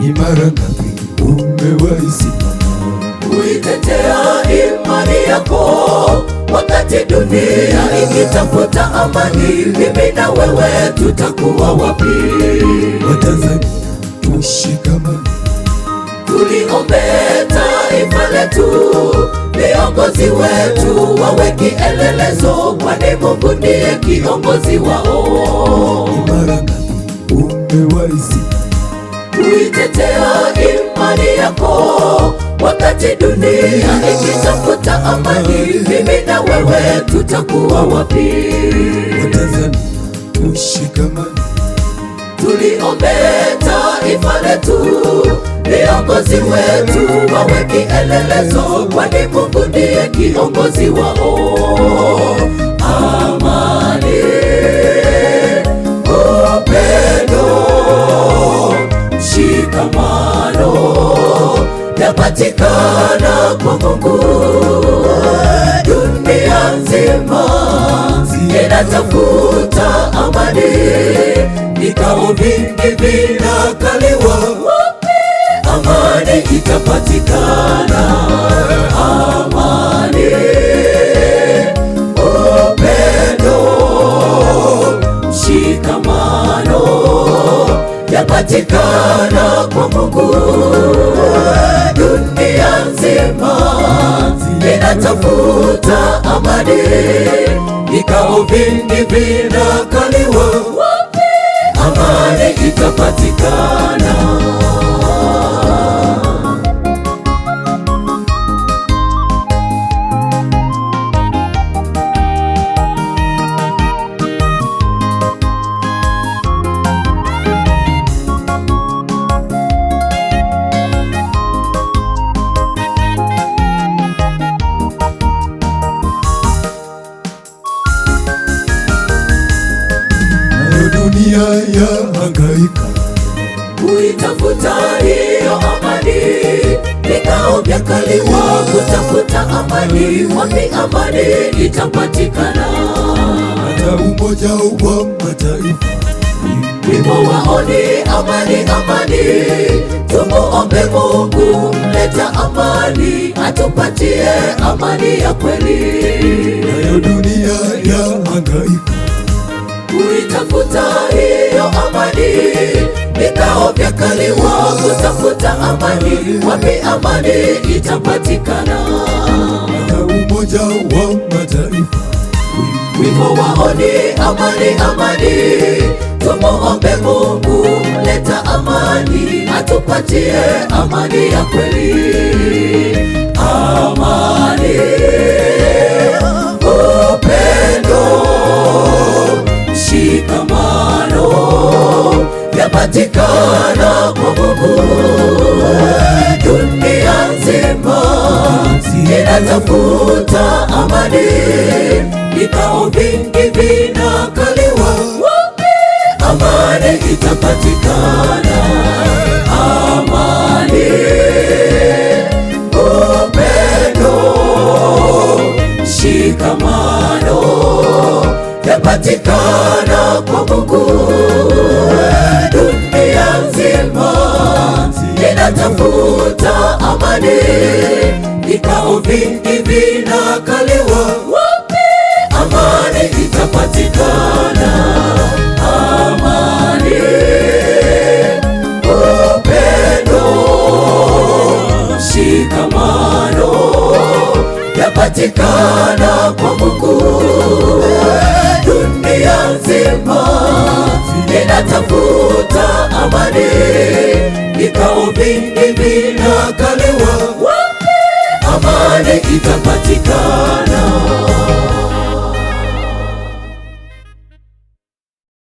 ni mara ngapi umewahi simama kuitetea imani yako wakati dunia ikitafuta amani? Mimi na wewe tutakuwa wapi? Watanzania tushikamane, tuliombe taifa letu, viongozi wetu wawe kielelezo, kwani Mungu ndiye kiongozi wao. Ni mara ngapi umewahi yako wakati dunia ikitafuta amani, mimi na wewe tutakuwa wapi? Watanzania mshikamani, tuliombe taifa letu, viongozi wetu wawe kielelezo, kwani Mungu ndiye kiongozi wao. Mungu dunia nzima, inatafuta amani, vikao vingi vinakaliwa, amani itapatikana kupatikana kwa Mungu, dunia nzima inatafuta amani, vikao vingi vinakaliwa, amani itapatikana dunia ya hangaika, kuitafuta hiyo amani, nikaomba kaliwa kutafuta amani, wapi amani itapatikana? Hata umoja wa mataifa wimbo waoni amani, amani, tumuombe Mungu leta amani, atupatie amani ya kweli, nayo dunia ya hangaika Kuitafuta hiyo amani, vikao vya kaliwa kutafuta amani, wapi amani itapatikana? Na Umoja wa Mataifa wimbo waoni amani, amani, tumuombe Mungu leta amani, atupatie amani ya kweli. Natafuta amani, vikao vingi vinakaliwa, amani itapatikana. kupatikana kwa Mungu, dunia nzima inatafuta amani, vikao vingi vinakaliwa, amani ita